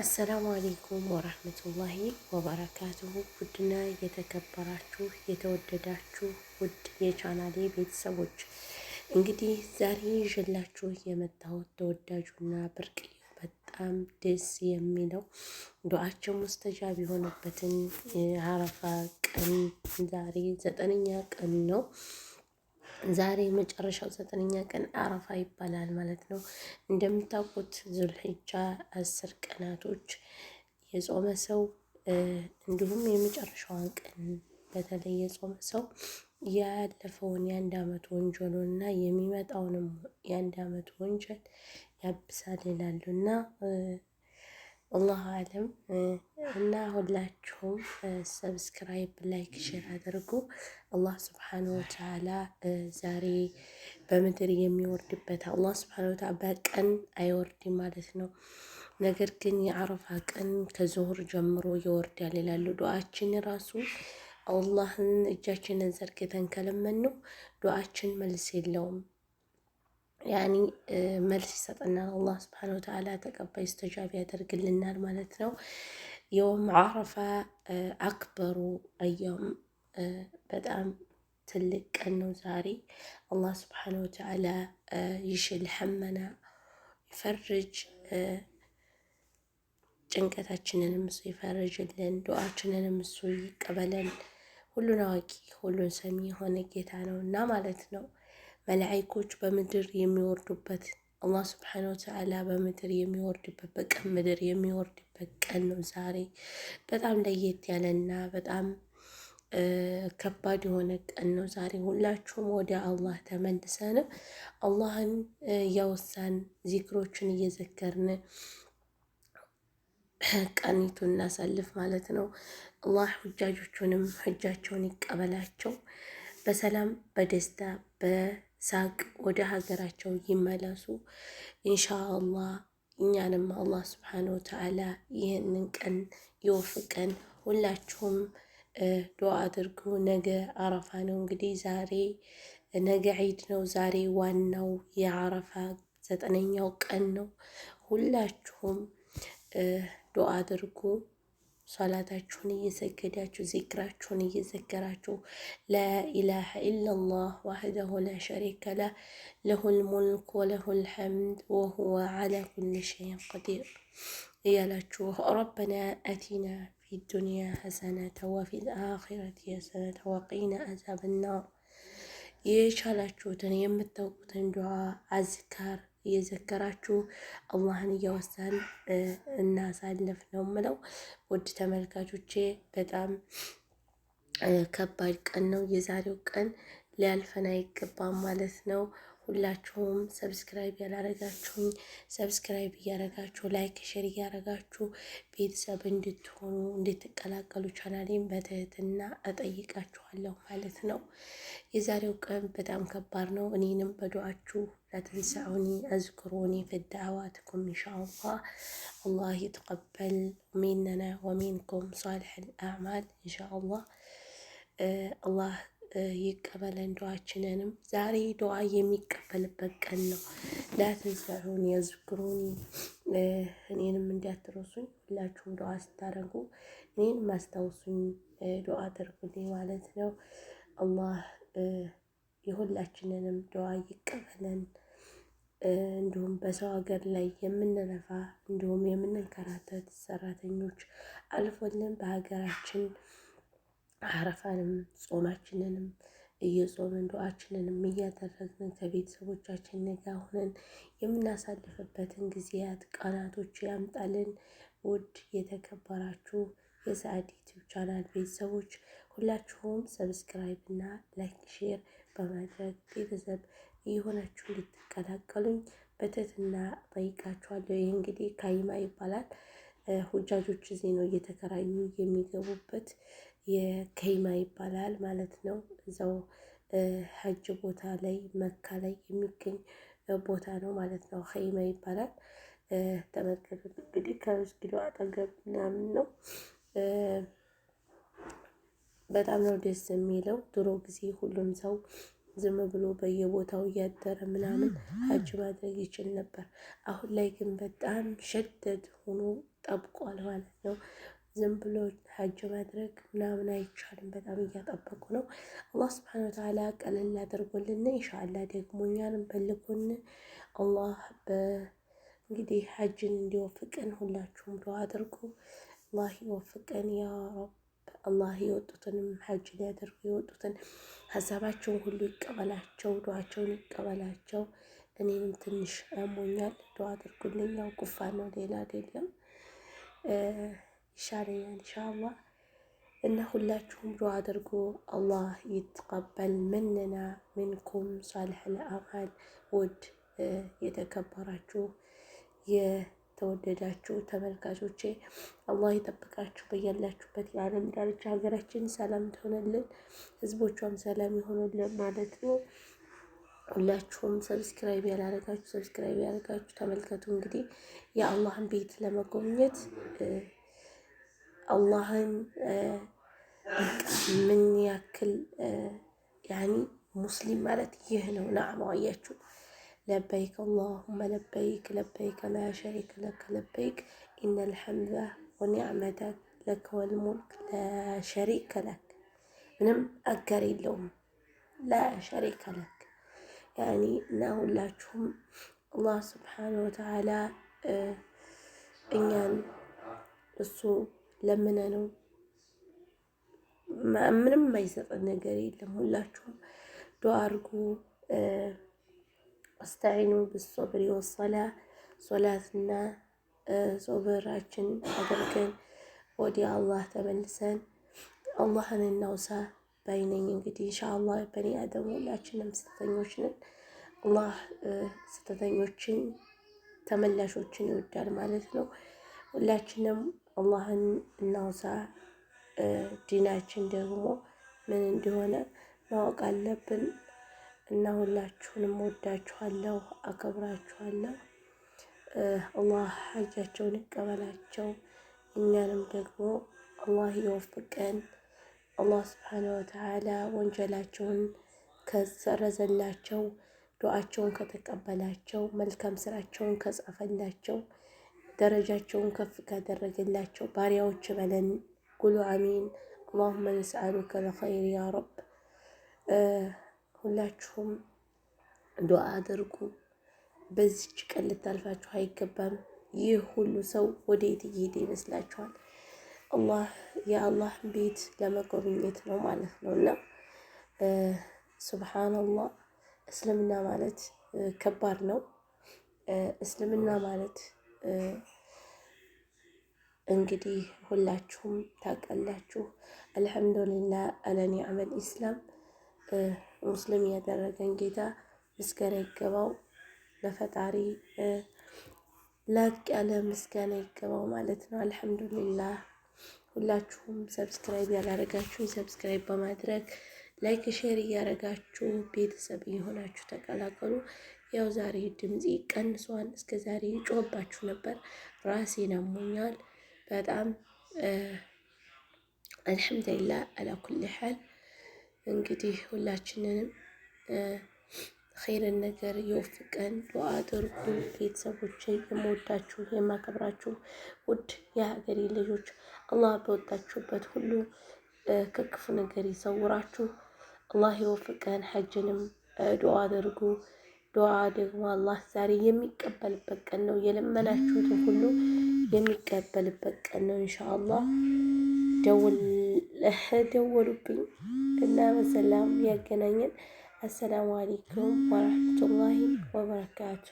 አሰላሙ አሌይኩም ወራህመቱላሂ ወበረካቱሁ። ውድና የተከበራችሁ የተወደዳችሁ ውድ የቻናሌ ቤተሰቦች እንግዲህ ዛሬ ይዤላችሁ የመጣሁት ተወዳጁና ብርቅ በጣም ደስ የሚለው ዱዓቸው ሙስተጃብ የሆነበትን አረፋ ቀን ዛሬ ዘጠነኛ ቀን ነው። ዛሬ መጨረሻው ዘጠነኛ ቀን አረፋ ይባላል ማለት ነው። እንደምታውቁት ዙልሂጃ አስር ቀናቶች የጾመ ሰው እንዲሁም የመጨረሻዋን ቀን በተለይ የጾመ ሰው ያለፈውን የአንድ ዓመት ወንጀሎ እና የሚመጣውንም የአንድ ዓመት ወንጀል ያብሳል ይላሉ እና አላሁ አለም እና ሁላችሁም ሰብስክራይብ፣ ላይክ፣ ሼር አድርጉ። አላህ ስብሓን ወተዓላ ዛሬ በምድር የሚወርድበት አላህ ስብሓን ወተዓላ በቀን አይወርድም ማለት ነው። ነገር ግን የአረፋ ቀን ከዙሁር ጀምሮ ይወርዳል ይላሉ። ዱዓችን ራሱ አላህን እጃችንን ዘርግተን ከለመን ነው ዱዓችን መልስ የለውም። ያኒ መልስ ይሰጠናል። አላህ ስብሐነሁ ወተዓላ ተቀባይ ስተጃቢ ያደርግልናል ማለት ነው። የውም ዓረፋ አክበሩ አያም በጣም ትልቅ ቀን ነው ዛሬ። አላህ ስብሐነሁ ወተዓላ ይሽል ሐመና ይፈርጅ ጭንቀታችንንም እሱ ይፈርጅልን፣ ዱዓችንንም እሱ ይቀበለን። ሁሉን አዋቂ ሁሉን ሰሚ የሆነ ጌታ ነው እና ማለት ነው። መላይኮች በምድር የሚወርዱበት አላህ ስብሓን ወተዓላ በምድር የሚወርድበት በቀን ምድር የሚወርድበት ቀን ነው ዛሬ። በጣም ለየት ያለና በጣም ከባድ የሆነ ቀን ነው ዛሬ። ሁላችሁም ወደ አላህ ተመልሰን አላህን እያወሳን ዚክሮችን እየዘከርን ቀኒቱ እናሳልፍ ማለት ነው። አላህ ሁጃጆቹንም ሁጃቸውን ይቀበላቸው በሰላም በደስታ በ ሳቅ ወደ ሀገራቸው ይመለሱ። ኢንሻአላህ እኛንም አላህ ስብሓን ወተዓላ ይህንን ቀን ይወፍቀን። ሁላችሁም ዱዓ አድርጉ። ነገ አረፋ ነው እንግዲህ ዛሬ ነገ ዒድ ነው። ዛሬ ዋናው የአረፋ ዘጠነኛው ቀን ነው። ሁላችሁም ዱዓ አድርጉ። ሶላታችሁን እየሰገዳችሁ ዚክራችሁን እየዘከራችሁ ላኢላሃ ኢላላህ ዋህደሁ ላ ሸሪከ ለህ ለሁል ሙልክ ወለሁል ሐምድ ወሁወ ዓላ ኩል ሸይን ቀዲር እያላችሁ ረበና አቲና ፊ ዱንያ ሐሰነተ ወፊ ልአኺረት ሐሰነተ ወቂና አዛብ ናር የቻላችሁትን የምታውቁትን ዱዓ አዝካር እየዘከራችሁ አላህን እያወሳን እናሳልፍ ነው ምለው። ውድ ተመልካቾቼ በጣም ከባድ ቀን ነው የዛሬው ቀን፣ ሊያልፈን አይገባም ማለት ነው። ሁላችሁም ሰብስክራይብ ያላረጋችሁኝ ሰብስክራይብ እያረጋችሁ ላይክ ሼር እያረጋችሁ ቤተሰብ እንድትሆኑ እንድትቀላቀሉ ቻናሌን በትህትና እጠይቃችኋለሁ ማለት ነው። የዛሬው ቀን በጣም ከባድ ነው። እኔንም በዱአችሁ لاتنسوني أذكروني في دعواتكم إن شاء الله الله يتقبل مننا ومنكم አላህ ይቀበለን ዱዓችንንም። ዛሬ ዱዓ የሚቀበልበት ቀን ነው። ላትንሰዑን የዝክሩኒ እኔንም እንዳትረሱኝ፣ ሁላችሁም ዱዓ ስታደርጉ እኔን ማስታውሱኝ ዱዓ አድርጉልኝ ማለት ነው። አላህ የሁላችንንም ዱዓ ይቀበለን። እንዲሁም በሰው ሀገር ላይ የምንለፋ እንዲሁም የምንንከራተት ሰራተኞች አልፎልን በሀገራችን አረፋንም ጾማችንንም እየጾምን ዱዓችንንም እያደረግን ከቤተሰቦቻችን ጋር ሆነን የምናሳልፍበትን ጊዜያት ቀናቶች ያምጣልን። ውድ የተከበራችሁ የሰዓድ ዩቲዩብ ቻናል ቤተሰቦች ሁላችሁም ሰብስክራይብ እና ላይክ፣ ሼር በማድረግ ቤተሰብ የሆናችሁ እንድትቀላቀሉኝ በትህትና ጠይቃችኋለሁ። ይህ እንግዲህ ካይማ ይባላል። ሁጃጆች እዚህ ነው እየተከራዩ የሚገቡበት የከይማ ይባላል ማለት ነው። እዛው ሀጅ ቦታ ላይ መካ ላይ የሚገኝ ቦታ ነው ማለት ነው። ከይማ ይባላል። ተመልከቱ እንግዲህ ከመስጊዱ አጠገብ ምናምን ነው። በጣም ነው ደስ የሚለው። ድሮ ጊዜ ሁሉም ሰው ዝም ብሎ በየቦታው እያደረ ምናምን ሀጅ ማድረግ ይችል ነበር። አሁን ላይ ግን በጣም ሸደድ ሆኖ ጠብቋል ማለት ነው። ዝም ብሎ ሀጅ ማድረግ ምናምን አይቻልም። በጣም እያጠበቁ ነው። አላህ ስብሐነሁ ወተዓላ ቀለል አድርጎልን ኢንሻአላህ ደግሞ እኛንም በልጎን አላህ እንግዲህ ሀጅን እንዲወፍቀን ሁላችሁም ዱዓ አድርጉ። አላህ ይወፍቀን ያ ረብ። አላህ የወጡትንም ሀጅ ሊያደርጉ የወጡትን ሀሳባቸውን ሁሉ ይቀበላቸው፣ ዱዓቸውን ይቀበላቸው። እኔም ትንሽ አሞኛል፣ ዱዓ አድርጉልኝ። ያው ጉፋን ነው ሌላ አይደለም። ይሻለኛል ኢንሻአላህ። እና ሁላችሁም ዱዓ አድርጉ። አላህ ይትቀበል ምንና ምንኩም ሳልሕ ለአማል ውድ የተከበራችሁ የ ተወደዳችሁ ተመልካቾቼ አላህ ይጠብቃችሁ። በያላችሁበት የዓለም ዳርቻ ሀገራችን ሰላም ትሆነልን፣ ህዝቦቿም ሰላም ይሆኑልን ማለት ነው። ሁላችሁም ሰብስክራይብ ያላረጋችሁ ሰብስክራይብ ያደረጋችሁ ተመልከቱ። እንግዲህ የአላህን ቤት ለመጎብኘት አላህን ምን ያክል ያኒ ሙስሊም ማለት ይህ ነው። ናዕማ لبيك اللهم لبيك لبيك لا شريك لك لبيك إن الحمد ونعمتك لك والملك لا شريك لك منم أكري لهم لا شريك لك يعني نقول لكم الله سبحانه وتعالى إنيان لما ለምነ ما ምንም የማይሰጠን ነገር የለም ሁላችሁም ዶ አርጉ ወስተዒኑ ብሶብሪ ወሶላ ሶላትና ሶብራችን አድርገን ወዲ አላህ ተመልሰን አላህን እናውሳ ባይነኝ። እንግዲህ ኢንሻአላህ በኒ አደም ሁላችንም ስህተተኞች አላህ ስህተተኞችን ተመላሾችን ይወዳል ማለት ነው። ሁላችንም አላህን እናውሳ። ዲናችን ደግሞ ምን እንደሆነ ማወቅ አለብን። እና ሁላችሁንም ወዳችኋለሁ፣ አከብራችኋለሁ። አላህ ሀጃቸውን ይቀበላቸው። እኛንም ደግሞ አላህ ይወፍቀን። አላህ ስብሓነ ወተዓላ ወንጀላቸውን ከሰረዘላቸው፣ ዱዓቸውን ከተቀበላቸው፣ መልካም ስራቸውን ከጻፈላቸው፣ ደረጃቸውን ከፍ ካደረገላቸው ባሪያዎች በለን። ጉሉ አሚን። አላሁመ ነስአሉከ ለኸይር ያ ረብ ሁላችሁም ዱዓ አድርጉ። በዚች ቀን ልታልፋችሁ አይገባም። ይህ ሁሉ ሰው ወደ የት እየሄደ ይመስላችኋል? አላህ የአላህ ቤት ለመጎብኘት ነው ማለት ነው። እና ሱብሓነላህ እስልምና ማለት ከባድ ነው። እስልምና ማለት እንግዲህ ሁላችሁም ታውቃላችሁ። አልሐምዱሊላህ አለኒ አመል ኢስላም ሙስሊም ያደረገን ጌታ ምስጋና ይገባው ለፈጣሪ ላቅ ያለ ምስጋና ይገባው ማለት ነው። አልሐምዱሊላህ። ሁላችሁም ሰብስክራይብ ያላረጋችሁ ሰብስክራይብ በማድረግ ላይክ፣ ሼር እያረጋችሁ ቤተሰብ እየሆናችሁ ተቀላቀሉ። ያው ዛሬ ድምፅ ቀንሷል። እስከ ዛሬ ጮህባችሁ ነበር። ራሴ ነሙኛል በጣም አልሐምዱሊላህ አላኩል ሐል እንግዲህ ሁላችንንም ኸይርን ነገር የወፍቀን ዱዓ አድርጉ። ቤተሰቦች የምወዳችሁ የማከብራችሁ ውድ የሀገሬ ልጆች አላህ በወጣችሁበት ሁሉ ከክፉ ነገር ይሰውራችሁ። አላህ የወፍቀን። ሐጅንም ዱዓ አድርጉ። ዱዓ ደግሞ አላህ ዛሬ የሚቀበልበት ቀን ነው። የለመናችሁትን ሁሉ የሚቀበልበት ቀን ነው። እንሻ አላህ ደወሉብኝ እና በሰላም ያገናኘን። አሰላሙ አሌይኩም ወረህመቱላሂ ወበረካቱ።